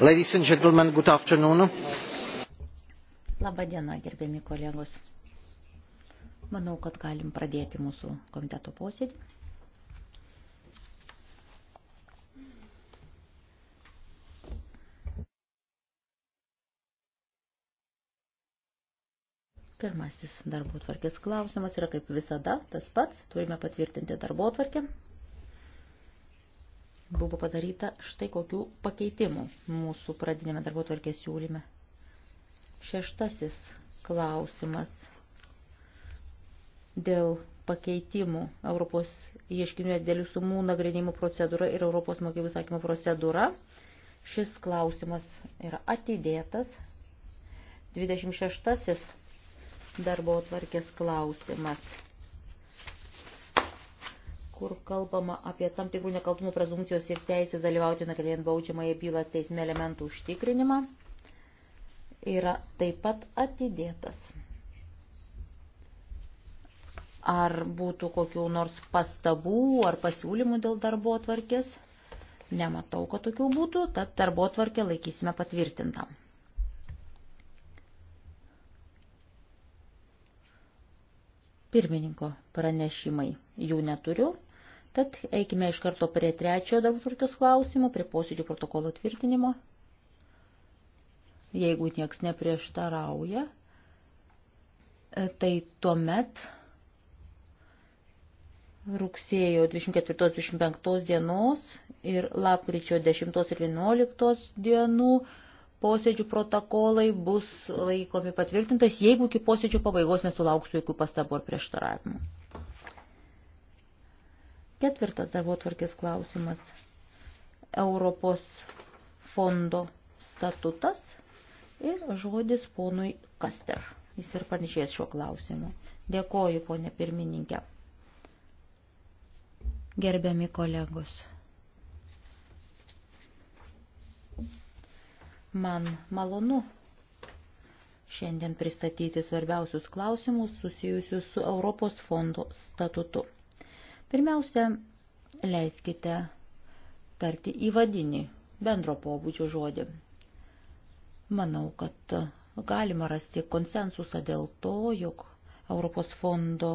Ladies and gentlemen, good afternoon. Labadiena, gerbiami kolegos. Manau, kad galim pradėti mūsų komiteto posėdį. Pirmasis darbo tvarkės klausimas yra kaip visada tas pats. Turime patvirtinti darbo tvarkę buvo padaryta štai kokių pakeitimų mūsų pradinėme darbo tvarkės siūlyme. Šeštasis klausimas dėl pakeitimų Europos ieškinių dėlių sumų nagrinimų procedūra ir Europos mokėjimų sakymo procedūra. Šis klausimas yra atidėtas. 26. darbo tvarkės klausimas kur kalbama apie tam tikrų nekaltumo prezumcijos ir teisės dalyvauti nagrinėjant baudžiamąją bylą teisme elementų užtikrinimą, yra taip pat atidėtas. Ar būtų kokių nors pastabų ar pasiūlymų dėl darbo atvarkės? Nematau, kad tokių būtų, tad darbo atvarkę laikysime patvirtintą. Pirmininko pranešimai jų neturiu. Tad eikime iš karto prie trečiojo darbotvarkės klausimo, prie posėdžių protokolo tvirtinimo. Jeigu nieks neprieštarauja, e, tai tuomet rugsėjo 24-25 dienos ir lapkričio 10 ir 11 dienų posėdžių protokolai bus laikomi patvirtintas, jeigu iki posėdžių pabaigos nesulauksiu jokių pastabų ar prieštaravimų. Ketvirtas darbo tvarkės klausimas. Europos fondo statutas ir žodis ponui Kaster. Jis ir panašės šiuo klausimu. Dėkoju, ponė pirmininkė. Gerbiami kolegos. Man malonu šiandien pristatyti svarbiausius klausimus susijusius su Europos fondo statutu. Pirmiausia, leiskite tarti įvadinį bendro pobūdžio žodį. Manau, kad galima rasti konsensusą dėl to, jog Europos fondo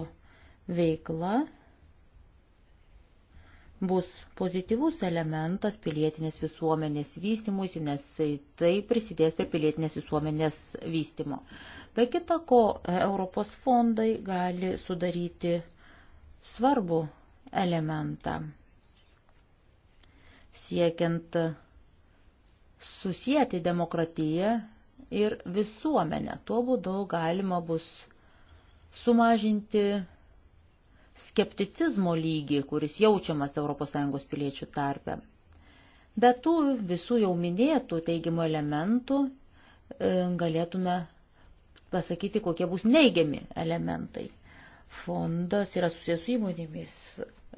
veikla bus pozityvus elementas pilietinės visuomenės vystimuisi, nes tai prisidės prie pilietinės visuomenės vystimo. Be kita ko, Europos fondai gali sudaryti svarbu elementą, siekiant susijęti demokratiją ir visuomenę. Tuo būdu galima bus sumažinti skepticizmo lygį, kuris jaučiamas ES piliečių tarpe. Be tų visų jau minėtų teigiamų elementų e, galėtume pasakyti, kokie bus neigiami elementai. Fondas yra susijęs su įmonėmis,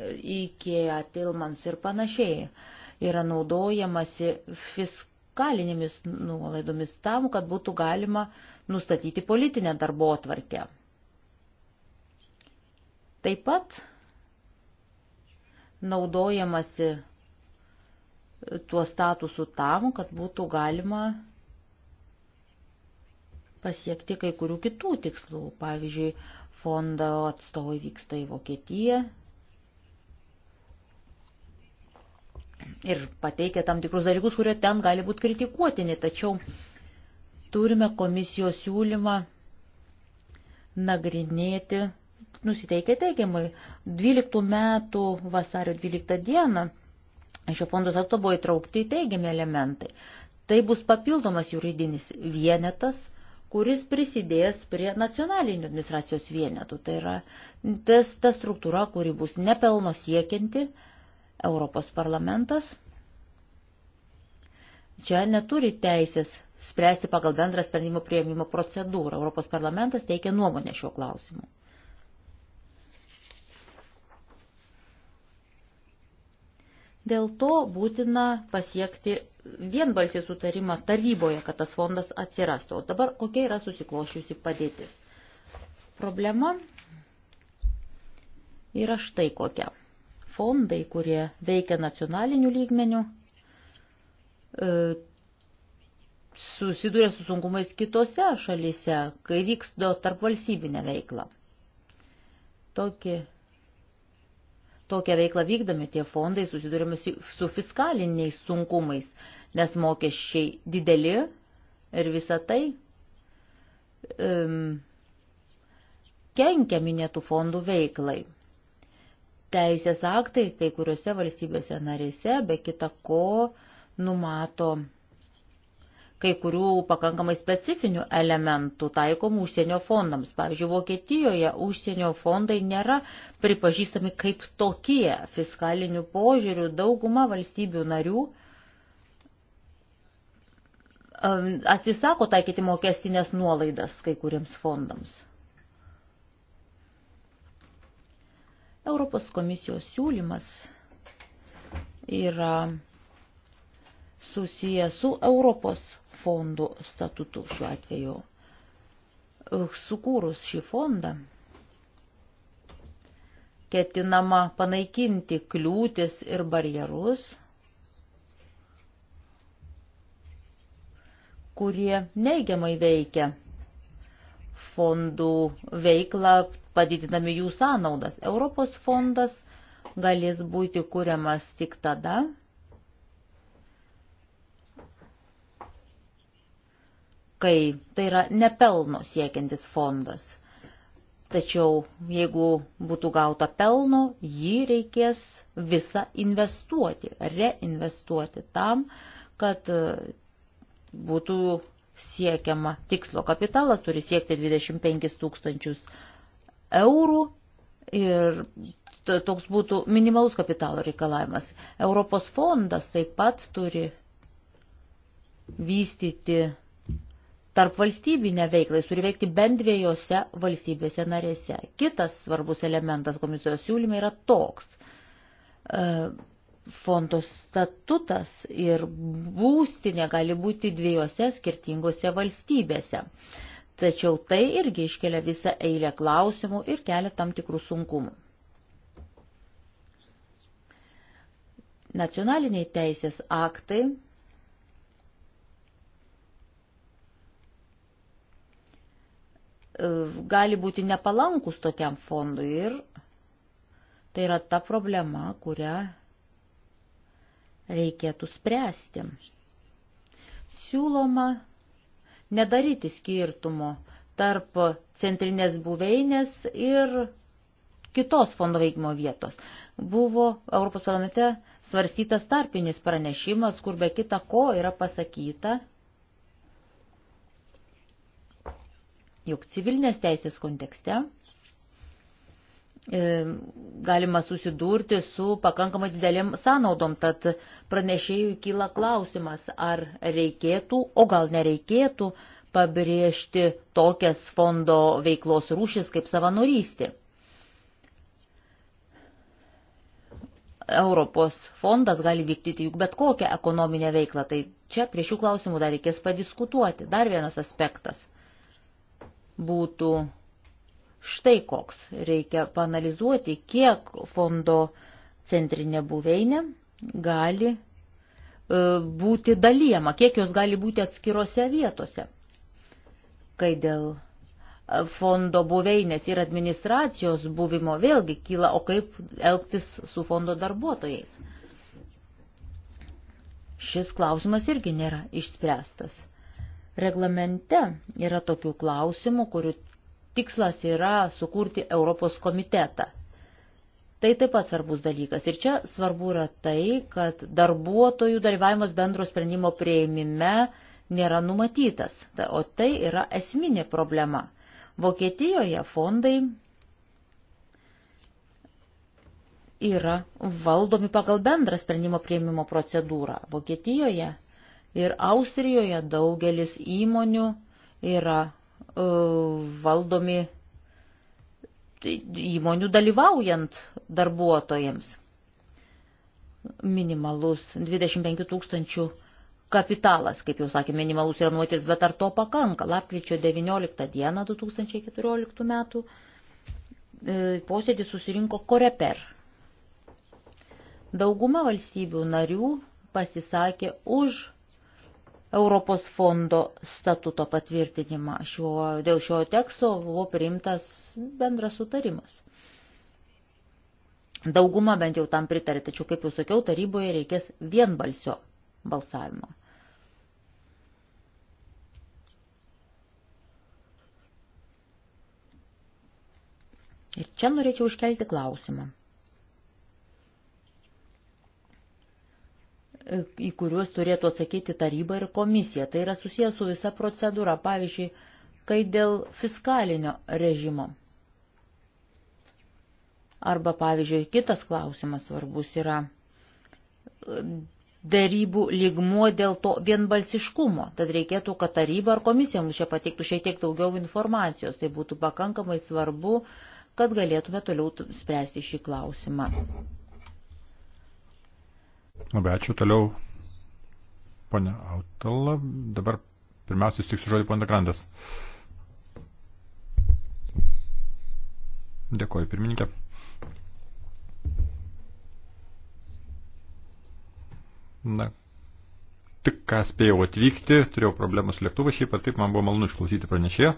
IKEA, Tilmans ir panašiai yra naudojamasi fiskalinėmis nuolaidomis tam, kad būtų galima nustatyti politinę darbo atvarkę. Taip pat naudojamasi tuo statusu tam, kad būtų galima pasiekti kai kurių kitų tikslų. Pavyzdžiui, fondo atstovai vyksta į Vokietiją, ir pateikia tam tikrus dalykus, kurie ten gali būti kritikuotini, tačiau turime komisijos siūlymą nagrinėti, nusiteikia teigiamai. 12 metų vasario 12 dieną šio fondo akto buvo įtraukti teigiami elementai. Tai bus papildomas juridinis vienetas, kuris prisidės prie nacionalinių administracijos vienetų. Tai yra tas, ta struktūra, kuri bus nepelno siekianti, Europos parlamentas čia neturi teisės spręsti pagal bendrą sprendimo prieimimo procedūrą. Europos parlamentas teikia nuomonę šiuo klausimu. Dėl to būtina pasiekti vienbalsį sutarimą taryboje, kad tas fondas atsirastų. O dabar kokia yra susiklošiusi padėtis? Problema yra štai kokia fondai, kurie veikia nacionaliniu lygmeniu, e, susiduria su sunkumais kitose šalyse, kai vyksta tarp valstybinė veikla. Tokį, tokią veiklą vykdami tie fondai susidurime su fiskaliniais sunkumais, nes mokesčiai dideli ir visa tai um, kenkia minėtų fondų veiklai teisės aktai kai kuriuose valstybėse narėse, be kita ko, numato kai kurių pakankamai specifinių elementų taikomų užsienio fondams. Pavyzdžiui, Vokietijoje užsienio fondai nėra pripažįstami kaip tokie fiskalinių požiūrių dauguma valstybių narių um, atsisako taikyti mokestinės nuolaidas kai kuriems fondams. Europos komisijos siūlymas yra susijęs su Europos fondų statutu šiuo atveju. Sukūrus šį fondą ketinama panaikinti kliūtis ir barjerus, kurie neigiamai veikia fondų veiklą padidinami jų sąnaudas. Europos fondas galės būti kuriamas tik tada, kai tai yra nepelno siekiantis fondas. Tačiau jeigu būtų gauta pelno, jį reikės visą investuoti, reinvestuoti tam, kad e, būtų siekiama tikslo. Kapitalas turi siekti 25 tūkstančius eurų ir toks būtų minimalus kapitalo reikalavimas. Europos fondas taip pat turi vystyti tarp valstybinę veiklą, jis turi veikti bent dviejose valstybėse narėse. Kitas svarbus elementas komisijos siūlyme yra toks. E, fondo statutas ir būstinė gali būti dviejose skirtingose valstybėse. Uh, Tačiau tai irgi iškelia visą eilę klausimų ir kelia tam tikrų sunkumų. Nacionaliniai teisės aktai e, gali būti nepalankus tokiam fondui ir tai yra ta problema, kurią reikėtų spręsti. Siūloma nedaryti skirtumo tarp centrinės buveinės ir kitos fondo veikimo vietos. Buvo Europos parlamente svarstytas tarpinis pranešimas, kur be kita ko yra pasakyta, jog civilinės teisės kontekste E, galima susidurti su pakankamai didelėm sąnaudom, tad pranešėjų kyla klausimas, ar reikėtų, o gal nereikėtų pabrėžti tokias fondo veiklos rūšis kaip savanorystė. Europos fondas gali vykdyti juk bet kokią ekonominę veiklą, tai čia prie šių klausimų dar reikės padiskutuoti. Dar vienas aspektas būtų štai koks. Reikia panalizuoti, kiek fondo centrinė buveinė gali e, būti dalyjama, kiek jos gali būti atskirose vietose. Kai dėl e, fondo buveinės ir administracijos buvimo vėlgi kyla, o kaip elgtis su fondo darbuotojais. Šis klausimas irgi nėra išspręstas. Reglamente yra tokių klausimų, kurių tikslas yra sukurti Europos komitetą. Tai taip pat svarbus dalykas. Ir čia svarbu yra tai, kad darbuotojų dalyvavimas bendro sprendimo prieimime nėra numatytas. O tai yra esminė problema. Vokietijoje fondai yra valdomi pagal bendrą sprendimo prieimimo procedūrą. Vokietijoje ir Austrijoje daugelis įmonių yra E, valdomi įmonių dalyvaujant darbuotojams. Minimalus 25 tūkstančių kapitalas, kaip jau sakė, minimalus yra nuotis, bet ar to pakanka? Lapkričio 19 dieną 2014 metų e, posėdį susirinko Koreper. Dauguma valstybių narių pasisakė už Europos fondo statuto patvirtinimą. Šiuo, dėl šio teksto buvo priimtas bendras sutarimas. Dauguma bent jau tam pritarė, tačiau, kaip jau sakiau, taryboje reikės vienbalsio balsavimo. Ir čia norėčiau iškelti klausimą. E, į kuriuos turėtų atsakyti taryba ir komisija. Tai yra susijęs su visa procedūra, pavyzdžiui, kai dėl fiskalinio režimo. Arba, pavyzdžiui, kitas klausimas svarbus yra e, darybų lygmuo dėl to vienbalsiškumo. Tad reikėtų, kad taryba ar komisija mums čia pateiktų šiek tiek daugiau informacijos. Tai būtų pakankamai svarbu, kad galėtume toliau spręsti šį klausimą. Labai ačiū. Toliau, ponia Autola, dabar pirmiausia stiksiu žodį ponia Grandas. Dėkuoju, pirmininkė. Na, tik ką spėjau atvykti, turėjau problemų su lėktuvu, šiaip ar taip man buvo malonu išklausyti pranešėjo.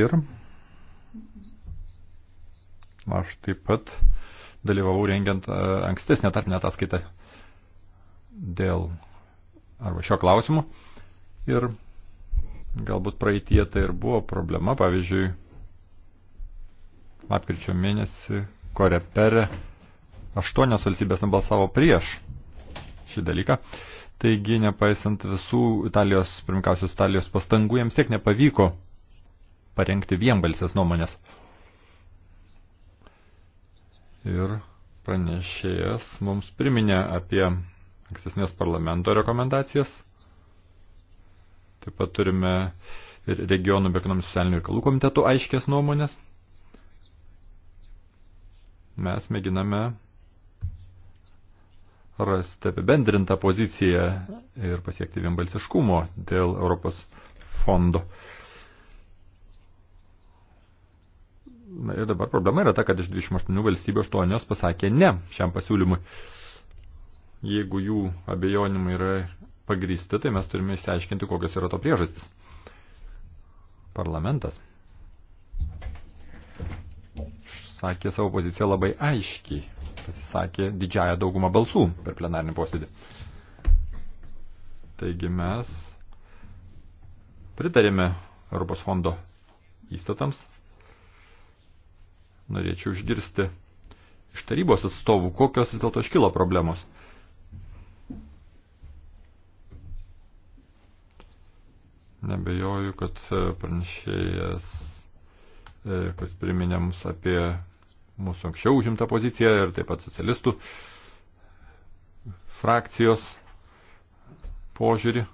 Ir aš taip pat uh, dalyvavau rengiant e, ankstesnę tarpinę ataskaitą dėl arba šio klausimu. Ir galbūt praeitie tai ir buvo problema, pavyzdžiui, lapkričio mėnesį Korepere aštuonios valstybės nubalsavo prieš šį dalyką. Taigi, nepaisant visų Italijos, pirmkausios Italijos pastangų, jiems tiek nepavyko parengti vienbalsės nuomonės ir pranešėjas mums priminė apie ankstesnės parlamento rekomendacijas. Taip pat turime ir regionų be ekonominių socialinių reikalų komitetų aiškės nuomonės. Mes mėginame rasti apibendrintą poziciją ir pasiekti vienbalsiškumo dėl Europos fondo. Na ir dabar problema yra ta, kad iš 28 valstybių 8 pasakė ne šiam pasiūlymui. Jeigu jų abejonimai yra pagrysti, tai mes turime išsiaiškinti, kokios yra to priežastis. Parlamentas sakė savo poziciją labai aiškiai, pasisakė didžiąją daugumą balsų per plenarinį posėdį. Taigi mes pritarėme Europos fondo įstatams, norėčiau išgirsti iš tarybos atstovų, kokios vis dėlto iškilo problemos. Nebejoju, kad pranešėjas, e, kuris priminė mums apie mūsų anksčiau užimtą poziciją ir taip pat socialistų frakcijos požiūrį.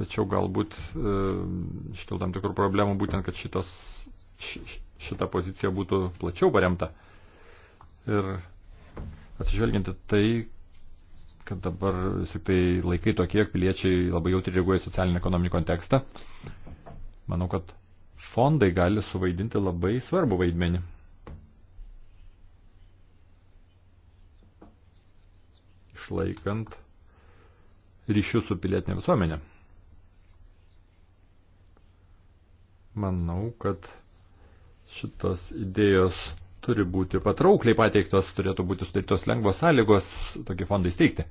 Tačiau galbūt e, iškil tam tikrų problemų būtent, kad šitos, š, šita pozicija būtų plačiau paremta. Ir atsižvelginti tai, kad dabar vis tik tai laikai tokie, piliečiai labai jautri reaguoja į socialinį ekonominį kontekstą, manau, kad fondai gali suvaidinti labai svarbu vaidmenį. Išlaikant ryšių su pilietinė visuomenė. Manau, kad šitos idėjos turi būti patraukliai pateiktos, turėtų būti sudarytos lengvos sąlygos tokį fondą įsteigti.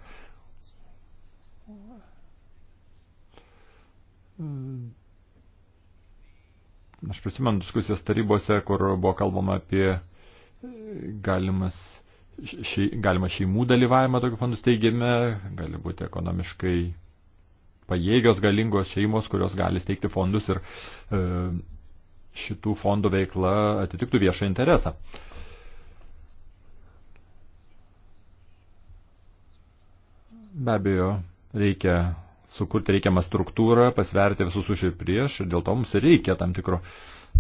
Aš prisimenu diskusijas tarybose, kur buvo kalbama apie galimas, šei, galima šeimų dalyvavimą tokių fondų steigime, gali būti ekonomiškai pajėgios, galingos šeimos, kurios gali steigti fondus ir e, šitų fondų veikla atitiktų viešą interesą. Be abejo, reikia sukurti reikiamą struktūrą, pasverti visus už ir prieš ir dėl to mums reikia tam tikro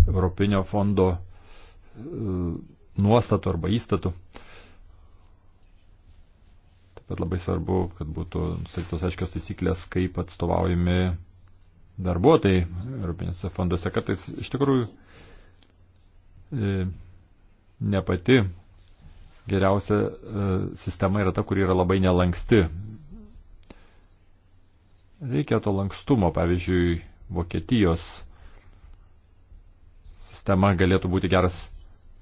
Europinio fondo e, nuostatų arba įstatų. Taip pat labai svarbu, kad būtų nustatytos aiškios taisyklės, kaip atstovaujami darbuotojai Europinėse fonduose kartais iš tikrųjų e, ne pati geriausia e, sistema yra ta, kuri yra labai nelanksti. Reikia to lankstumo, pavyzdžiui, Vokietijos sistema galėtų būti geras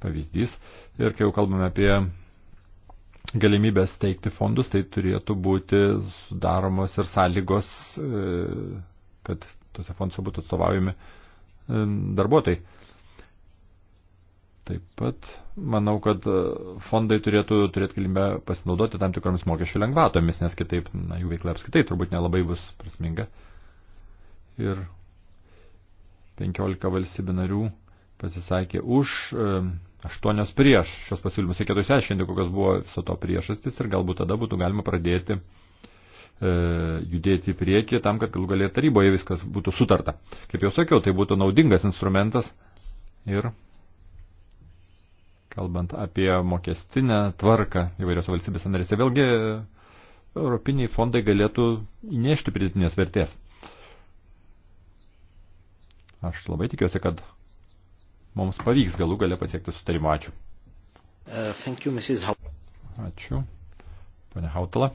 pavyzdys. Ir kai jau kalbame apie galimybės teikti fondus, tai turėtų būti sudaromos ir sąlygos, e, kad tose fondose būtų atstovaujami e, darbuotojai. Taip pat manau, kad e, fondai turėtų turėti galimybę pasinaudoti tam tikromis mokesčių lengvatomis, nes kitaip na, jų veikla apskaitai turbūt nelabai bus prasminga. Ir 15 valstybių narių pasisakė už, 8 e, prieš šios pasiūlymus. Reikėtų išsiaiškinti, kokios buvo viso to priežastis ir galbūt tada būtų galima pradėti uh, E, judėti į priekį tam, kad galų galėtų taryboje viskas būtų sutarta. Kaip jau sakiau, tai būtų naudingas instrumentas ir kalbant apie mokestinę tvarką įvairios valstybės narėse, vėlgi e, europiniai fondai galėtų įnešti pridėtinės vertės. Aš labai tikiuosi, kad mums pavyks galų galę pasiekti sutarimą. Ačiū. Uh, thank you, Mrs. Ačiū. Pane Hautala.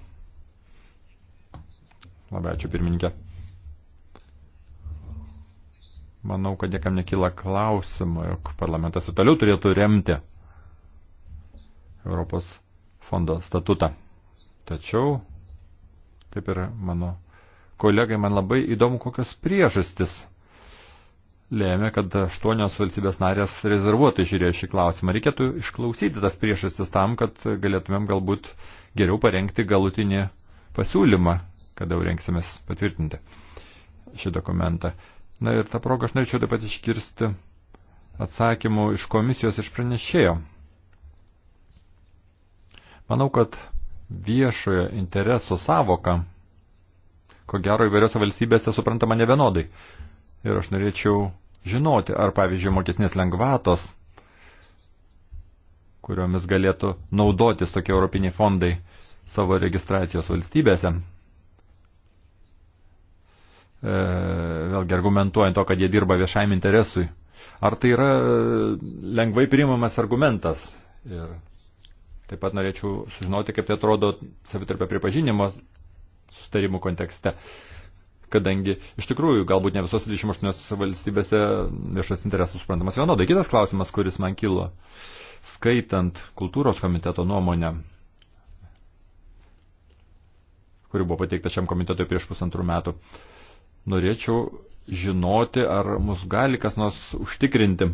Labai ačiū pirmininkė. Manau, kad niekam nekyla klausimų, jog parlamentas ir toliau turėtų remti Europos fondo statutą. Tačiau, kaip ir mano kolegai, man labai įdomu, kokios priežastis lėmė, kad aštuonios valstybės narės rezervuotai žiūrėjo šį klausimą. Reikėtų išklausyti tas priežastis tam, kad galėtumėm galbūt geriau parengti galutinį pasiūlymą, kada jau renksimės patvirtinti šį dokumentą. Na ir tą progą aš norėčiau taip pat iškirsti atsakymų iš komisijos iš pranešėjo. Manau, kad viešojo intereso savoka, ko gero įvairiose valstybėse suprantama ne vienodai. Ir aš norėčiau žinoti, ar pavyzdžiui mokesnės lengvatos, kuriomis galėtų naudotis tokie europiniai fondai savo registracijos valstybėse, E, vėlgi argumentuojant to, kad jie dirba viešajam interesui. Ar tai yra e, lengvai priimamas argumentas? Ir taip pat norėčiau sužinoti, kaip tai atrodo savitarpio pripažinimo sustarimų kontekste. Kadangi iš tikrųjų galbūt ne visos 28 valstybėse viešas interesas suprantamas vienodai. Kitas klausimas, kuris man kilo, skaitant kultūros komiteto nuomonę, kuri buvo pateikta šiam komitetui prieš pusantrų metų. Uh, norėčiau žinoti, ar mus gali kas nors užtikrinti.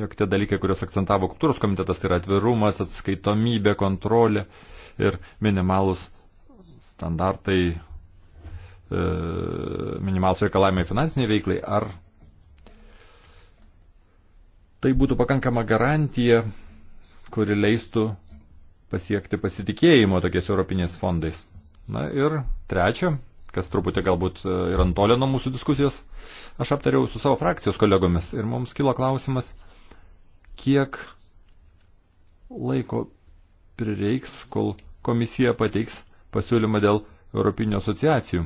Jok tie dalykai, kuriuos akcentavo kultūros komitetas, tai yra atvirumas, atskaitomybė, kontrolė ir minimalus standartai, e, minimalus reikalavimai finansiniai veiklai, ar tai būtų pakankama garantija, kuri leistų pasiekti pasitikėjimo tokiais europiniais fondais. Na ir trečia, kas truputį galbūt e, ir antolė nuo mūsų diskusijos, aš aptariau su savo frakcijos kolegomis ir mums kilo klausimas, kiek laiko prireiks, kol komisija pateiks pasiūlymą dėl Europinių asociacijų.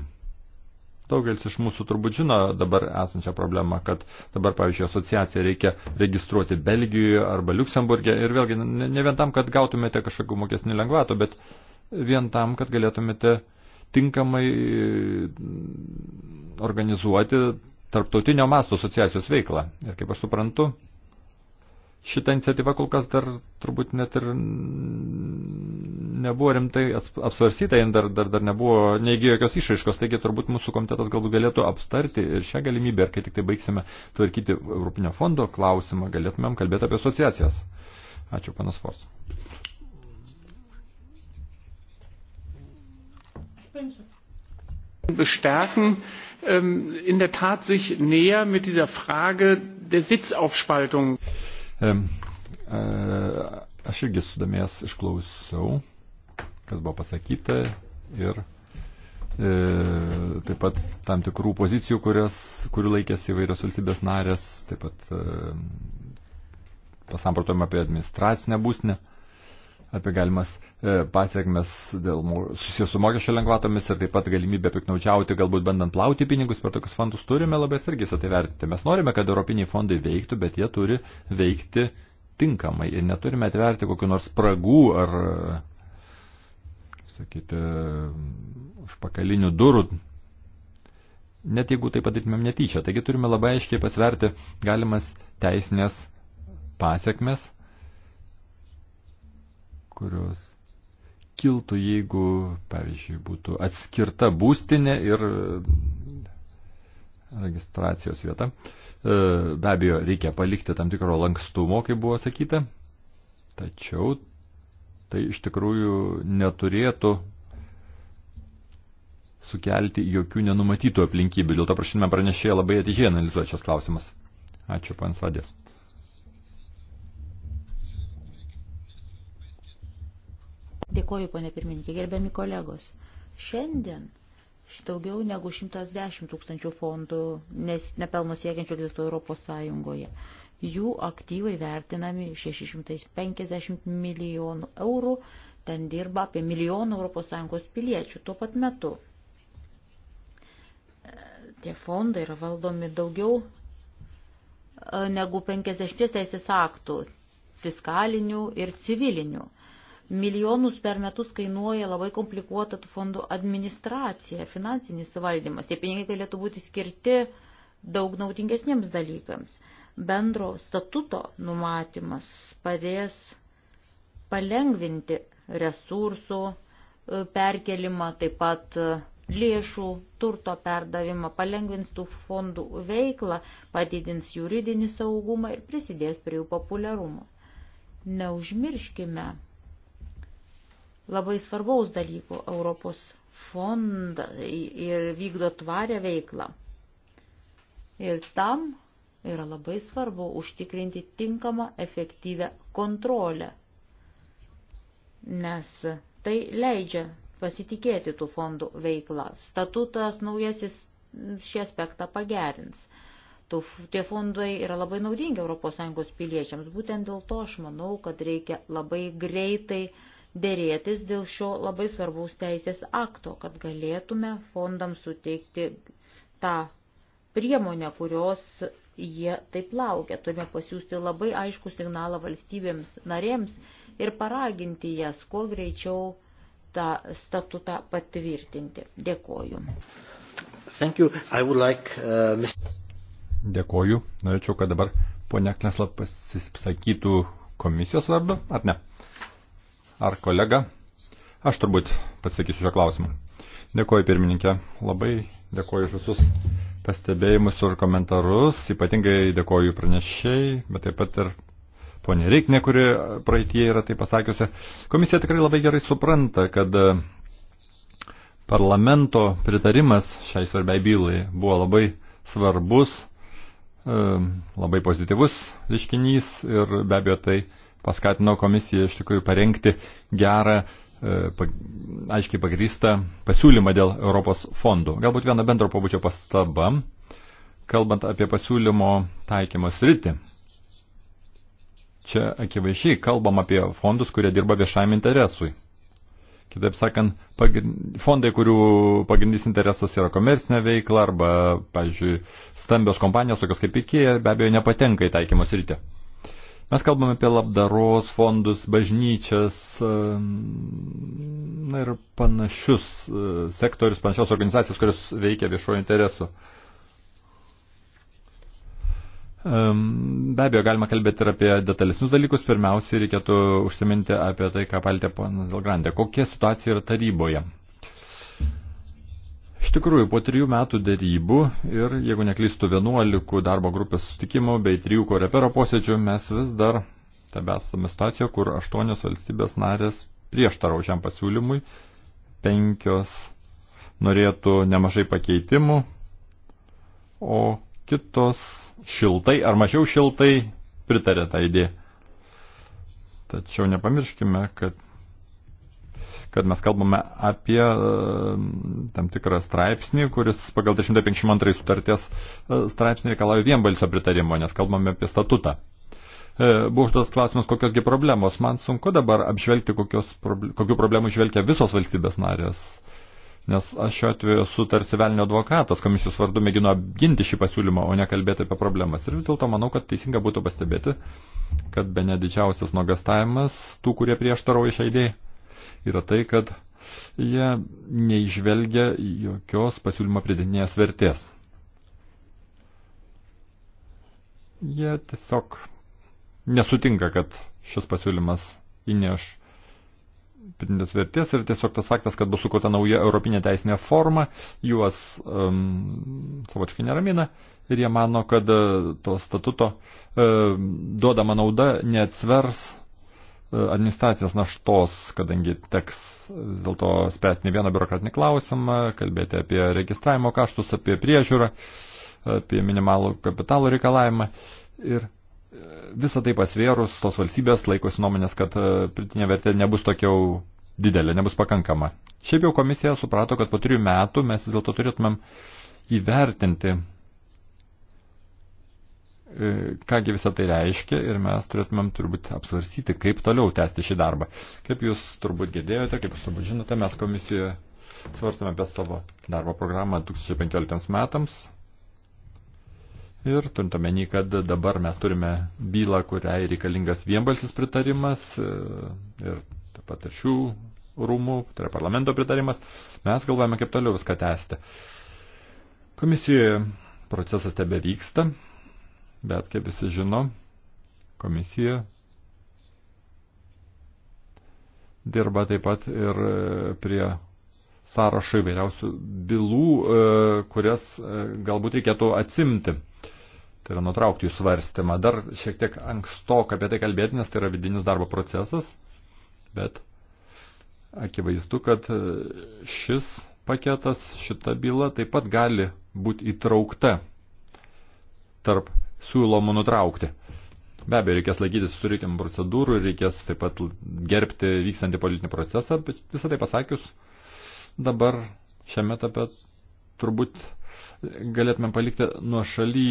Daugelis iš mūsų turbūt žino dabar esančią problemą, kad dabar, pavyzdžiui, asociaciją reikia registruoti Belgijoje arba Luksemburgė ir vėlgi ne, ne vien tam, kad gautumėte kažkokių mokesnių lengvatų, bet vien tam, kad galėtumėte uh, tinkamai e, organizuoti tarptautinio masto asociacijos veiklą. Ir kaip aš suprantu, šitą iniciatyvą kol kas dar turbūt net ir nebuvo rimtai apsvarstyta, jin dar, dar, dar nebuvo, neįgyjo jokios išaiškos, taigi turbūt mūsų komitetas galbūt galėtų apstarti ir šią galimybę, ir kai tik tai baigsime tvarkyti Europinio fondo klausimą, galėtumėm kalbėti apie asociacijas. Ačiū, panas Fors. bestärken, ähm, in der Tat sich näher mit dieser Frage der Sitzaufspaltung. Ähm, äh, aš irgi sudomėjęs išklausiau, kas buvo pasakyta ir e, taip pat tam tikrų pozicijų, kurias, kurių laikėsi įvairios valstybės narės, taip pat e, pasamprotojama apie administracinę būsnę apie galimas e, pasiekmes susijęs su mokesčio lengvatomis ir taip pat galimybę piknaučiauti, galbūt bandant plauti pinigus per tokius fondus, turime labai atsargiai tai vertinti. Mes norime, kad europiniai fondai veiktų, bet jie turi veikti tinkamai ir neturime atverti kokiu nors spragų ar, sakyti, užpakalinių durų net jeigu tai padarytumėm netyčia. Taigi turime labai aiškiai pasverti galimas teisinės pasiekmes kurios kiltų, jeigu, pavyzdžiui, būtų atskirta būstinė ir e, registracijos vieta. E, be abejo, reikia palikti tam tikro lankstumo, kaip buvo sakyta, tačiau tai iš tikrųjų neturėtų sukelti jokių nenumatytų aplinkybių. Dėl to prašymę pranešėją labai atidžiai analizuoti šios klausimas. Ačiū, pan Svadės. Dėkoju, ponė pirmininkė, gerbiami kolegos. Šiandien daugiau negu 110 tūkstančių fondų nes nepelno siekiančių egzistuoja Europos Sąjungoje. Jų aktyvai vertinami 650 milijonų eurų, ten dirba apie milijoną Europos Sąjungos piliečių tuo pat metu. Tie fondai yra valdomi daugiau e, negu 50 teisės aktų, fiskalinių ir civilinių. Milijonus per metus kainuoja labai komplikuota tų fondų administracija, finansinis valdymas. Tie pinigai galėtų būti skirti daug naudingesniems dalykams. Bendro statuto numatymas padės palengvinti resursų e, perkelimą, taip pat e, lėšų, turto perdavimą, palengvins tų fondų veiklą, padidins juridinį saugumą ir prisidės prie jų populiarumo. Neužmirškime, labai svarbaus dalykų. Europos fondą ir vykdo tvarę veiklą. Ir tam yra labai svarbu užtikrinti tinkamą efektyvę kontrolę, nes tai leidžia pasitikėti tų fondų veiklą. Statutas naujasis šį aspektą pagerins. Tų, tie fondai yra labai naudingi ES piliečiams. Būtent dėl to aš manau, kad reikia labai greitai uh, dėrėtis dėl šio labai svarbaus teisės akto, kad galėtume fondams suteikti tą priemonę, kurios jie taip laukia. Turime pasiūsti labai aišku signalą valstybėms narėms ir paraginti jas kuo greičiau tą statutą patvirtinti. Dėkoju. Like, uh, Mr... Dėkoju. Norėčiau, kad dabar ponia Knesla pasisakytų komisijos vardu, ar ne? ar kolega. Aš turbūt pasakysiu šio klausimu. Dėkuoju pirmininkė, labai dėkuoju už visus pastebėjimus ir komentarus, ypatingai dėkuoju pranešiai, bet taip pat ir ponė Reikne, kuri praeitie yra tai pasakiusi. Komisija tikrai labai gerai supranta, kad e, parlamento pritarimas šiai svarbiai bylai buvo labai svarbus, e, labai pozityvus reiškinys ir be abejo tai paskatino komisiją iš tikrųjų parengti gerą, e, aiškiai pagrįstą pasiūlymą dėl Europos fondų. Galbūt viena bendro pabudžio pastaba, kalbant apie pasiūlymo taikymo sritį. Čia akivaizdžiai kalbam apie fondus, kurie dirba viešajam interesui. Kitaip sakant, fondai, kurių pagrindinis interesas yra komercinė veikla arba, pavyzdžiui, stambios kompanijos, tokios kaip IKEA, be abejo nepatenka į taikymos rytę. Mes kalbame apie labdaros fondus, bažnyčias e, na, ir panašius e, sektorius, panašios organizacijas, kurios veikia viešojo interesu. Be abejo, galima kalbėti ir apie detalesnius dalykus. Pirmiausiai reikėtų užsiminti apie tai, ką paltė ponas Zelgrandė. Kokia situacija yra taryboje? Iš tikrųjų, po trijų metų dėrybų ir, jeigu neklystų, vienuolikų darbo grupės sustikimų bei trijų korepero posėdžių mes vis dar tebesame stacijoje, kur aštuonios valstybės narės prieštarau šiam pasiūlymui, penkios norėtų nemažai pakeitimų, o kitos šiltai ar mažiau šiltai pritarė tą idėją. Tačiau nepamirškime, kad kad mes kalbame apie e, tam tikrą straipsnį, kuris pagal 152 sutarties e, straipsnį reikalauja vienbalsio pritarimo, nes kalbame apie statutą. E, buvo užduotas klausimas, kokiosgi problemos. Man sunku dabar apžvelgti, kokios, kokių problemų žvelgia visos valstybės narės. Nes aš šiuo atveju esu tarsi velnio advokatas, komisijos vardu mėginu apginti šį pasiūlymą, o ne kalbėti apie problemas. Ir vis dėlto manau, kad teisinga būtų pastebėti, kad be nedidžiausias nuogastavimas tų, kurie prieštarauja šią idėją yra tai, kad jie neižvelgia jokios pasiūlymo pridėtinės vertės. Jie tiesiog nesutinka, kad šis pasiūlymas įneš pridėtinės vertės ir tiesiog tas faktas, kad bus sukurta nauja europinė teisinė forma, juos um, savočiai neramina ir jie mano, kad uh, to statuto um, duodama nauda neatsvers administracinės naštos, kadangi teks vis dėlto spręsti ne vieną biurokratinį klausimą, kalbėti apie registravimo kaštus, apie priežiūrą, apie minimalų kapitalo reikalavimą. Ir e, visą tai pasvėrus, tos valstybės laikosi nuomonės, kad e, pritinė vertė nebus tokia didelė, nebus pakankama. Šiaip jau komisija suprato, kad po trijų metų mes vis dėlto turėtumėm įvertinti E, kągi visą tai reiškia ir mes turėtumėm turbūt apsvarstyti, kaip toliau tęsti šį darbą. Kaip jūs turbūt girdėjote, kaip jūs turbūt žinote, mes komisijoje svarstame apie savo darbo programą 2015 metams. Ir turint omeny, kad dabar mes turime bylą, kuriai reikalingas vienbalsis pritarimas e, ir taip pat ir šių rūmų, tai yra parlamento pritarimas, mes galvojame, kaip toliau viską tęsti. Komisijoje procesas tebe vyksta, Bet, kaip visi žino, komisija dirba taip pat ir e, prie sąrašo įvairiausių bylų, e, kurias e, galbūt reikėtų atsimti. Tai yra nutraukti jų svarstymą. Dar šiek tiek ankstoka apie tai kalbėti, nes tai yra vidinis darbo procesas, bet akivaizdu, kad šis paketas, šita byla taip pat gali būti įtraukta tarp siūlomų nutraukti. Be abejo, reikės laikytis surikim procedūrų, reikės taip pat gerbti vykstantį politinį procesą, bet visą tai pasakius, dabar šiame etape turbūt galėtume palikti nuo šaly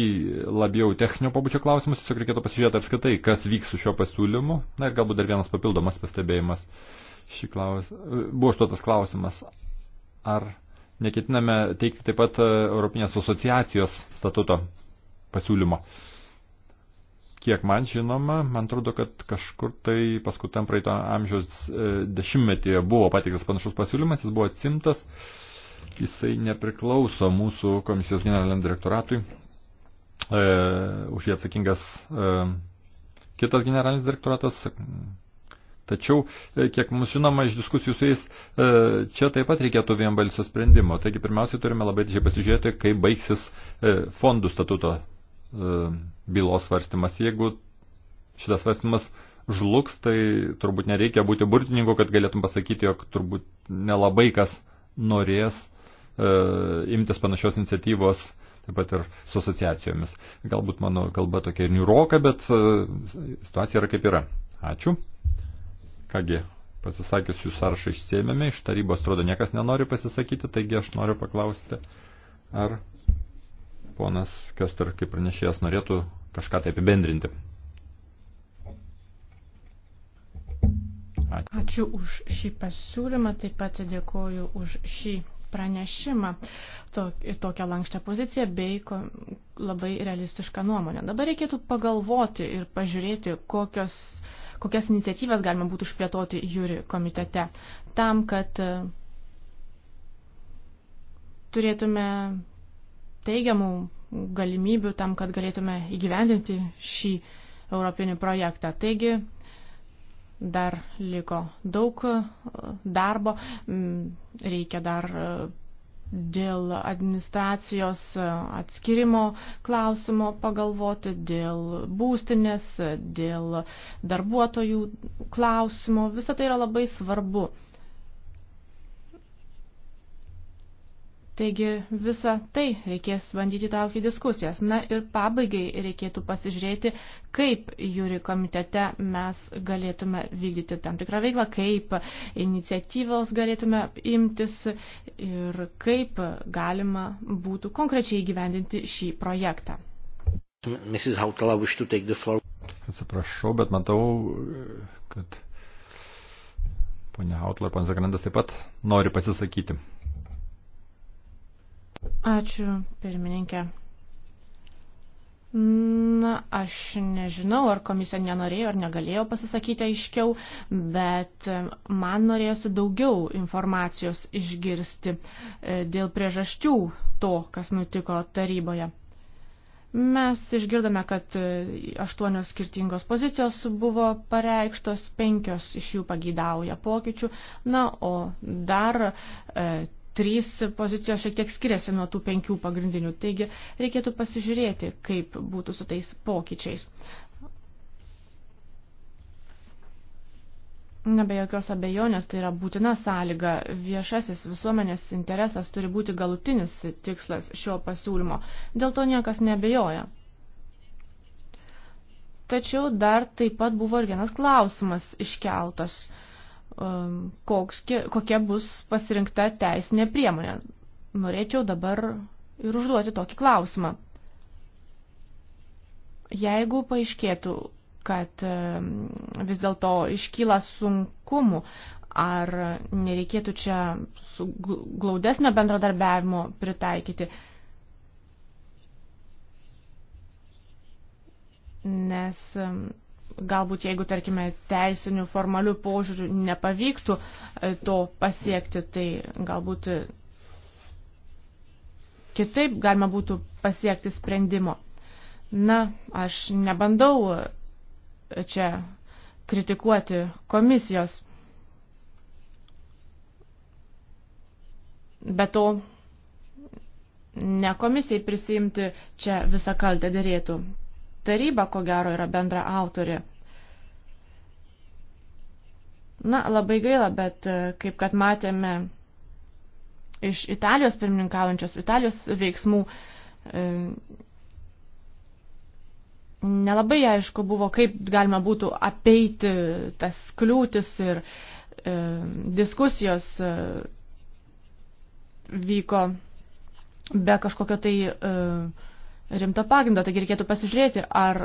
labiau techninio pabučio klausimus, tiesiog reikėtų pasižiūrėti apskaitai, kas vyks su šiuo pasiūlymu. Na ir galbūt dar vienas papildomas pastebėjimas. Šį klaus... Buvo užduotas klausimas, ar neketiname teikti taip pat e, Europinės asociacijos statuto pasiūlymo. Kiek man žinoma, man atrodo, kad kažkur tai paskutam praeito amžiaus e, dešimtmetyje buvo patiktas panašus pasiūlymas, jis buvo atsimtas, jisai nepriklauso mūsų komisijos generaliniam direktoratui, e, už jį atsakingas e, kitas generalinis direktoratas, Tačiau, e, kiek mums žinoma iš diskusijų su jais, e, čia taip pat reikėtų vienbalsio sprendimo. Taigi, pirmiausiai turime labai didžiai pasižiūrėti, kaip baigsis fondų statuto E, bylos svarstymas. Jeigu šitas svarstymas žlugs, tai turbūt nereikia būti burtininku, kad galėtum pasakyti, jog turbūt nelabai kas norės e, imtis panašios iniciatyvos, taip pat ir su asociacijomis. Galbūt mano kalba tokia niuroka, bet e, situacija yra kaip yra. Ačiū. Kągi, pasisakius jų sąrašą išsėmėme, iš tarybos atrodo niekas nenori pasisakyti, taigi aš noriu paklausti, ar ponas Kester, kaip pranešėjas, norėtų kažką tai apibendrinti. Ačiū. Ačiū už šį pasiūlymą, taip pat dėkoju už šį pranešimą, tokią lankštę poziciją bei labai realistišką nuomonę. Dabar reikėtų pagalvoti ir pažiūrėti, kokios, kokias iniciatyvas galima būtų išplėtoti jūri komitete, tam, kad e, turėtume teigiamų galimybių tam, kad galėtume įgyvendinti šį europinį projektą. Taigi dar liko daug e, darbo, reikia dar e, dėl administracijos e, atskirimo klausimo pagalvoti, dėl būstinės, dėl darbuotojų klausimo. Visą tai yra labai svarbu. Taigi visą tai reikės bandyti traukti diskusijas. Na ir pabaigai reikėtų pasižiūrėti, kaip jūri komitete mes galėtume vykdyti tam tikrą veiklą, kaip iniciatyvos galėtume imtis ir kaip galima būtų konkrečiai įgyvendinti šį projektą. Mrs. Hautala, wish to take the floor. Atsiprašau, bet matau, kad ponia Hautala ir ponas Zagrandas taip pat nori pasisakyti. Ačiū, pirmininkė. Na, aš nežinau, ar komisija nenorėjo ar negalėjo pasisakyti aiškiau, bet man norėjosi daugiau informacijos išgirsti e, dėl priežasčių to, kas nutiko taryboje. Mes išgirdome, kad e, aštuonios skirtingos pozicijos buvo pareikštos, penkios iš jų pagydauja pokyčių, na, o dar e, trys pozicijos šiek tiek skiriasi nuo tų penkių pagrindinių. Taigi reikėtų pasižiūrėti, kaip būtų su tais pokyčiais. Na, be jokios abejonės, tai yra būtina sąlyga. Viešasis visuomenės interesas turi būti galutinis tikslas šio pasiūlymo. Dėl to niekas nebejoja. Tačiau dar taip pat buvo ir vienas klausimas iškeltas. Uh, Um, koks, kokia bus pasirinkta teisinė priemonė. Norėčiau dabar ir užduoti tokį klausimą. Jeigu paaiškėtų, kad um, vis dėlto iškyla sunkumų, ar nereikėtų čia glaudesnio bendradarbiavimo pritaikyti, nes um, galbūt jeigu, tarkime, teisinių formalių požiūrių nepavyktų e, to pasiekti, tai galbūt e, kitaip galima būtų pasiekti sprendimo. Na, aš nebandau e, čia kritikuoti komisijos. Be to, ne komisijai prisimti čia visą kaltę dėrėtų taryba, ko gero, yra bendra autori. Na, labai gaila, bet e, kaip kad matėme iš Italijos pirmininkaujančios, Italijos veiksmų, e, nelabai aišku buvo, kaip galima būtų apeiti tas kliūtis ir e, diskusijos e, vyko be kažkokio tai e, rimto pagrindo. Taigi reikėtų pasižiūrėti, ar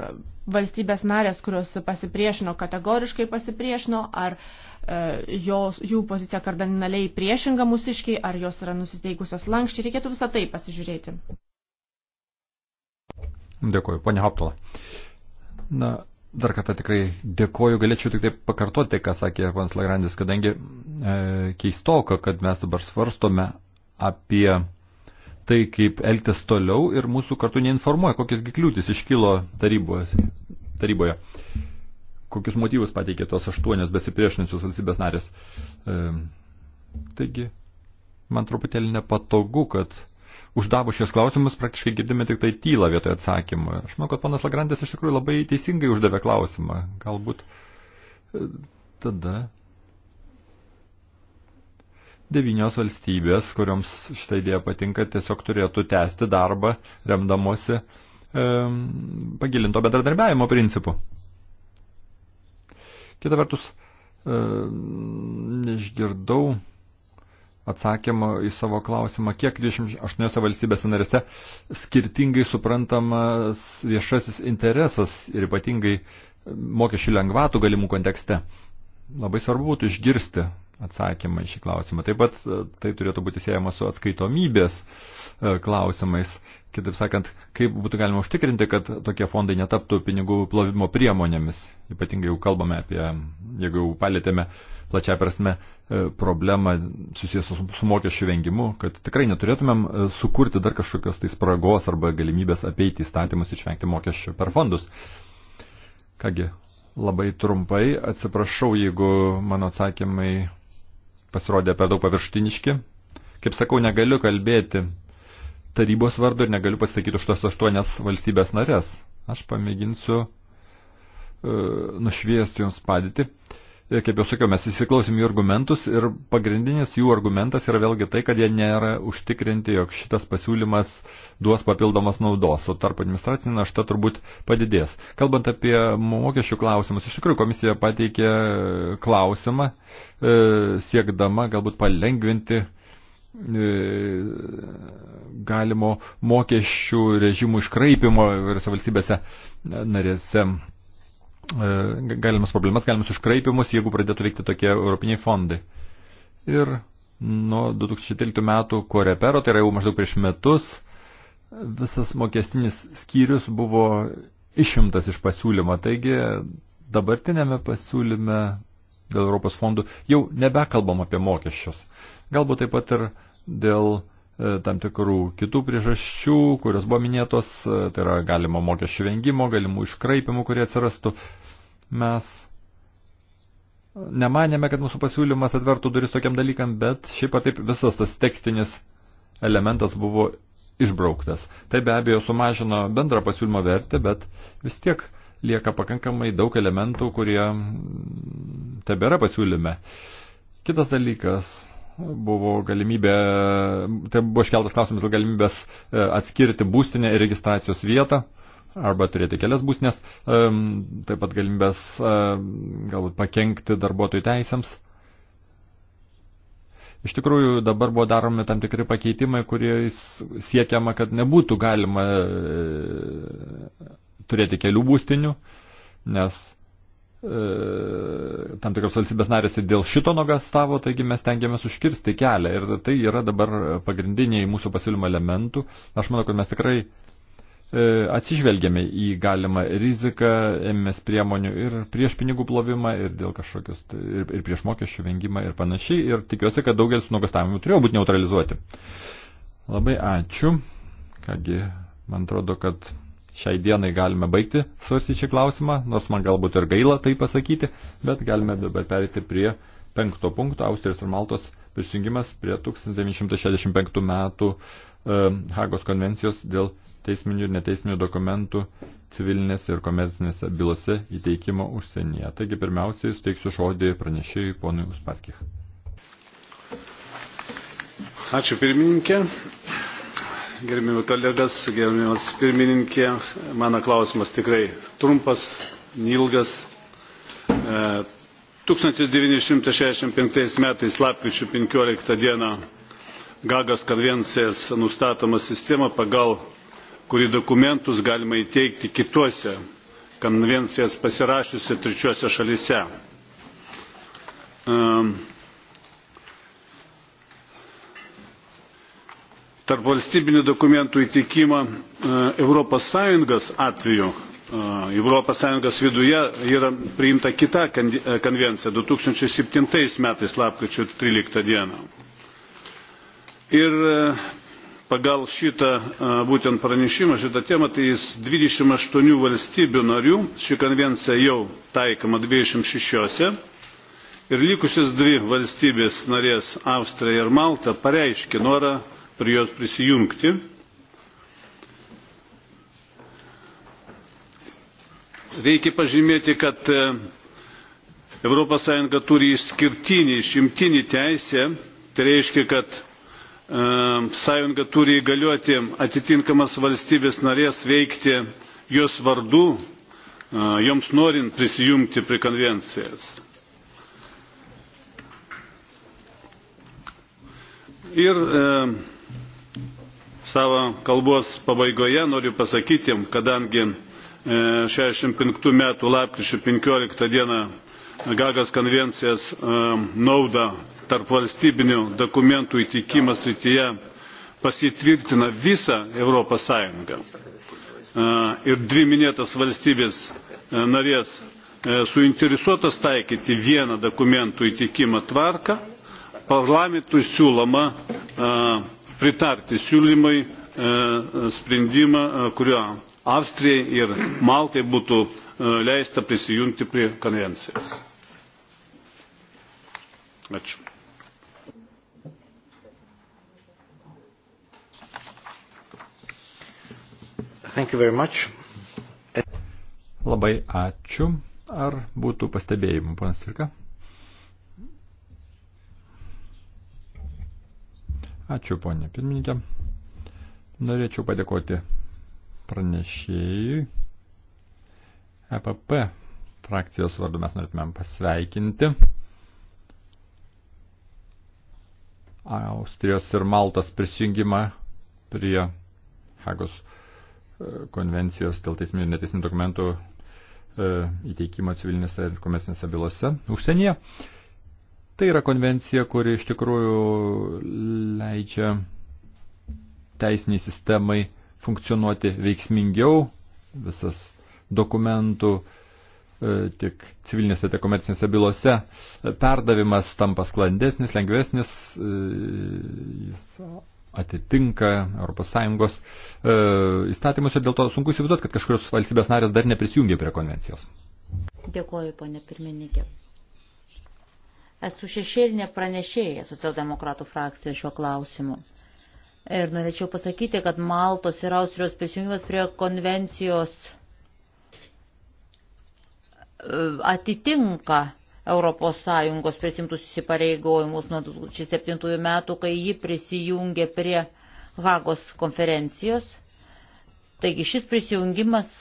valstybės narės, kurios pasipriešino, kategoriškai pasipriešino, ar e, jos, jų pozicija kardinaliai priešinga mūsiškiai, ar jos yra nusiteikusios lankščiai. Reikėtų visą tai pasižiūrėti. Dėkuoju, ponia Haptola. Na, dar kartą tikrai dėkoju, galėčiau tik tai pakartoti, tai, ką sakė ponas Lagrandis, kadangi e, keistoka, kad mes dabar svarstome apie tai, kaip elgtis toliau ir mūsų kartu neinformuoja, kokias gikliūtis iškilo tarybos, taryboje. Kokius motyvus pateikė tos aštuonios besipriešinusios valstybės narės. E, taigi, man truputėlį nepatogu, kad uždavus šios klausimus praktiškai girdime tik tai tylą vietoje atsakymų. Aš manau, kad panas Lagrandės iš tikrųjų labai teisingai uždavė klausimą. Galbūt e, tada devynios valstybės, kuriams šitą idėją patinka, tiesiog turėtų tęsti darbą remdamosi e, pagilinto bendradarbiavimo principu. Kita vertus, e, išgirdau atsakymą į savo klausimą, kiek 28 valstybėse narėse skirtingai suprantamas viešasis interesas ir ypatingai mokesčių lengvatų galimų kontekste. Labai svarbu būtų išgirsti atsakymą į šį klausimą. Taip pat e, tai turėtų būti siejama su atskaitomybės e, klausimais. Kitaip sakant, kaip būtų galima užtikrinti, kad tokie fondai netaptų pinigų plovimo priemonėmis. Ypatingai jau kalbame apie, jeigu jau palėtėme plačia prasme e, problemą susijęs su, su mokesčių vengimu, kad tikrai neturėtumėm sukurti dar kažkokios tai spragos arba galimybės apeiti įstatymus išvengti mokesčių per fondus. Kągi, labai trumpai atsiprašau, jeigu mano atsakymai pasirodė per daug paviršutiniški. Kaip sakau, negaliu kalbėti tarybos vardu ir negaliu pasakyti už tos aštuonias valstybės narės. Aš pamėginsiu e, nušviesti jums padėti. E, kaip jau sakiau, mes įsiklausim jų argumentus ir pagrindinis jų argumentas yra vėlgi tai, kad jie nėra užtikrinti, jog šitas pasiūlymas duos papildomas naudos, o tarp administracinė našta turbūt padidės. Kalbant apie mokesčių klausimus, iš tikrųjų komisija pateikė klausimą, e, siekdama galbūt palengvinti e, galimo mokesčių režimų iškraipimo visose valstybėse narėse. E, galimas problemas, galimas užkraipimus, jeigu pradėtų veikti tokie europiniai fondai. Ir nuo 2013 metų korepero, tai yra jau maždaug prieš metus, visas mokestinis skyrius buvo išimtas iš pasiūlymo. Taigi dabartinėme pasiūlyme dėl Europos fondų jau nebekalbam apie mokesčius. Galbūt taip pat ir dėl E, tam tikrų kitų priežasčių, kurios buvo minėtos, e, tai yra galima mokesčių vengimo, galimų iškraipimų, kurie atsirastų. Mes nemanėme, kad mūsų pasiūlymas atvertų duris tokiam dalykam, bet šiaip ar taip visas tas tekstinis elementas buvo išbrauktas. Tai be abejo sumažino bendrą pasiūlymo vertę, bet vis tiek lieka pakankamai daug elementų, kurie tebėra pasiūlyme. Kitas dalykas buvo galimybė, tai buvo iškeltas klausimas dėl galimybės e, atskirti būstinę ir registracijos vietą arba turėti kelias būstinės, taip pat galimybės e, galbūt pakengti darbuotojų teisėms. Iš tikrųjų, dabar buvo daromi tam tikri pakeitimai, kuriais siekiama, kad nebūtų galima e, turėti kelių būstinių, nes E, tam tikros valstybės narės ir dėl šito nogastavo, taigi mes tengiamės užkirsti kelią. Ir tai yra dabar pagrindiniai mūsų pasiūlymo elementų. Aš manau, kad mes tikrai e, atsižvelgėme į galimą riziką, ėmėmės priemonių ir prieš pinigų plovimą, ir dėl kažkokius, ir, ir prieš mokesčių vengimą ir panašiai. Ir tikiuosi, kad daugelis nuogastavimų turėjo būti neutralizuoti. Labai ačiū. Kągi, man atrodo, kad šiai dienai galime baigti svarstyti šį klausimą, nors man galbūt ir gaila tai pasakyti, bet galime dabar perėti prie penkto punkto Austrijos ir Maltos prisijungimas prie 1965 metų e, Hagos konvencijos dėl teisminių ir neteisminių dokumentų civilinėse ir komercinėse bylose įteikimo užsienyje. Taigi pirmiausiai suteiksiu žodį pranešėjui ponui Uspaskich. Ačiū pirmininkė gerbimi kolegas, gerbimas pirmininkė. Mano klausimas tikrai trumpas, neilgas. 1965 e, metais lapkričio 15 dieną Gagos konvencijas nustatoma sistema, pagal kurį dokumentus galima įteikti kituose konvencijas pasirašiusi trečiuose šalise. E, tarp valstybinių dokumentų įtikimą ES atveju. ES viduje yra priimta kita e, konvencija 2007 metais lapkričio 13 dieną. Ir e, pagal šitą e, būtent pranešimą, šitą temą, tai jis 28 valstybių narių, ši konvencija jau taikoma 26 ir likusios dvi valstybės narės Austrija ir Malta pareiškė norą prie jos prisijungti. Reikia pažymėti, kad ES turi išskirtinį, išimtinį teisę, tai reiškia, kad e, sąjunga turi įgalioti atitinkamas valstybės narės veikti jos vardu, e, joms norint prisijungti prie konvencijas. Ir e, savo kalbos pabaigoje noriu pasakyti, kadangi 65 e, metų lapkričio 15 dieną Gagos konvencijas e, naudą tarp valstybinių dokumentų įtikimo srityje pasitvirtina visą Europos Sąjungą. E, ir dvi minėtas valstybės narės suinteresuotas taikyti vieną dokumentų įtikimo tvarką, parlamentui siūloma pritarti siūlymai e, sprendimą, e, kuriuo Austrijai ir Maltai būtų e, leista prisijungti prie konvencijos. Ačiū. Thank you very much. Labai ačiū. Ar būtų pastebėjimų, panas Sirka? Ačiū, ponė pirmininkė. Norėčiau padėkoti pranešėjui. EPP frakcijos vardu mes norėtumėm pasveikinti Austrijos ir Maltos prisijungimą prie Hagos e, konvencijos dėl teisminių ir neteisminių dokumentų e, įteikimo civilinėse ir komercinėse bylose užsienyje. E, Tai yra konvencija, kuri iš tikrųjų leidžia teisiniai sistemai funkcionuoti veiksmingiau, visas dokumentų e, tiek civilinėse, tiek komercinėse bylose e, perdavimas tampa sklandesnis, lengvesnis, e, jis atitinka ES įstatymus ir dėl to sunku įsivaizduoti, kad kažkurios valstybės narės dar neprisijungė prie konvencijos. Dėkuoju, ponė pirmininkė. Esu šešėlinė pranešėja socialdemokratų frakcijos šiuo klausimu. Ir norėčiau pasakyti, kad Maltos ir Austrijos prisijungimas prie konvencijos e, atitinka ES prisimtus įsipareigojimus nuo 2007 metų, kai ji prisijungė prie Hagos konferencijos. Taigi šis prisijungimas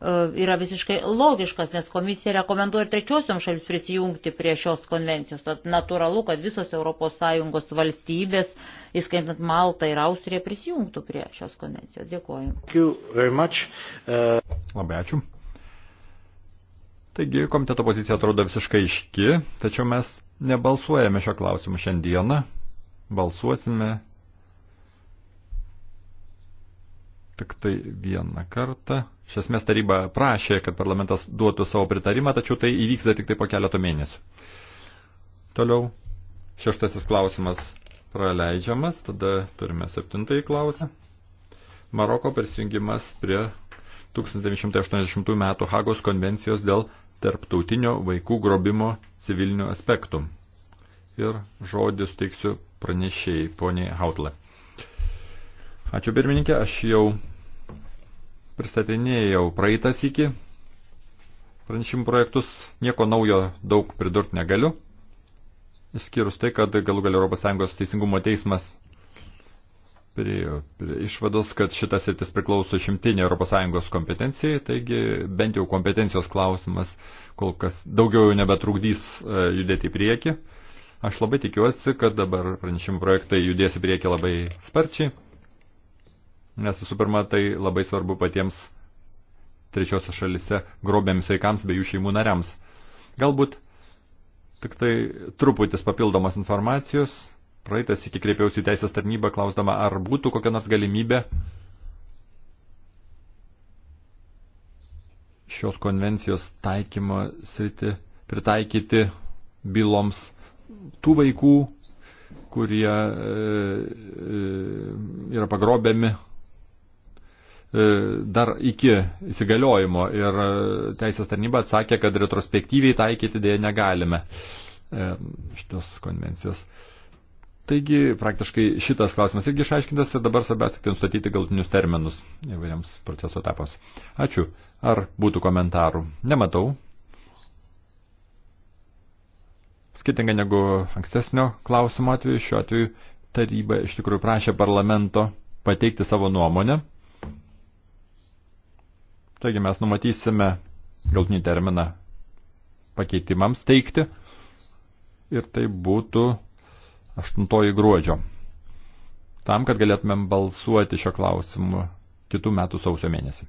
E, yra visiškai logiškas, nes komisija rekomenduoja ir trečiosiom šalims prisijungti prie šios konvencijos. Tad natūralu, kad visos ES valstybės, įskaitant Maltą ir Austriją, prisijungtų prie šios konvencijos. Dėkuoju. Uh... Labai ačiū. Taigi, komiteto pozicija atrodo visiškai iški, tačiau mes nebalsuojame šio klausimu šiandieną. Balsuosime tik tai vieną kartą. Iš esmės taryba prašė, kad parlamentas duotų savo pritarimą, tačiau tai įvyks tik tai po keleto mėnesių. Toliau šeštasis klausimas praleidžiamas, tada turime septintąjį klausimą. Maroko prisijungimas prie 1980 m. Hagos konvencijos dėl tarptautinio vaikų grobimo civilinių aspektų. Ir žodį suteiksiu pranešėjai poniai Hautle. Ačiū pirmininkė, aš jau pristatinėjau praeitas iki pranešimų projektus, nieko naujo daug pridurti negaliu, išskyrus tai, kad galų gal ES teisingumo teismas prie, prie išvados, kad šitas sritis priklauso šimtinė ES kompetencijai, taigi bent jau kompetencijos klausimas kol kas daugiau nebetrukdys e, judėti į priekį. Aš labai tikiuosi, kad dabar pranešimų projektai judės į priekį labai sparčiai. Nes visų pirma, tai labai svarbu patiems trečiosios šalise grobėms vaikams bei jų šeimų nariams. Galbūt tik tai truputis papildomos informacijos. Praeitas iki kreipiausi į teisės tarnybą klausdama, ar būtų kokia nors galimybė šios konvencijos taikymo sritį pritaikyti byloms tų vaikų, kurie e, e, yra pagrobiami E, dar iki įsigaliojimo ir teisės tarnyba atsakė, kad retrospektyviai taikyti dėje negalime e, šitos konvencijos. Taigi praktiškai šitas klausimas irgi išaiškintas ir dabar svarbiausia tik nustatyti galutinius terminus įvairiams proceso etapams. Ačiū. Ar būtų komentarų? Nematau. Skirtingai negu ankstesnio klausimo atveju, šiuo atveju taryba iš tikrųjų prašė parlamento pateikti savo nuomonę Taigi mes numatysime galtinį terminą pakeitimams teikti ir tai būtų 8 gruodžio. Tam, kad galėtumėm balsuoti šio klausimu kitų metų sausio mėnesį.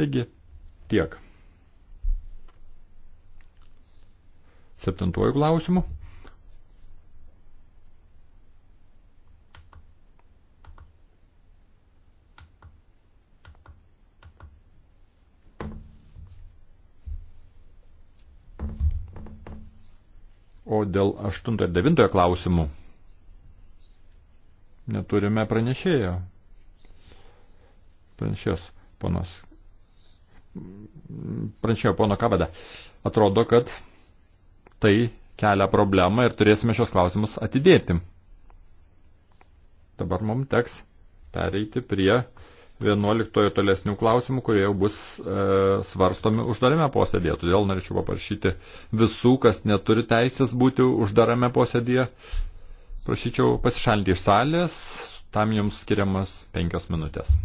Taigi, tiek. Septintuoju klausimu. O dėl 8 ir 9 klausimų neturime pranešėjo. Pranešėjos ponos. Pranešėjo pono Kabada. Atrodo, kad tai kelia problemą ir turėsime šios klausimus atidėti. Dabar mums teks pereiti prie 11 tolesnių klausimų, kurie jau bus e, svarstomi uždarame posėdėje. Todėl norėčiau paprašyti visų, kas neturi teisės būti uždarame posėdėje, prašyčiau pasišalinti iš salės, tam jums skiriamas penkios minutės.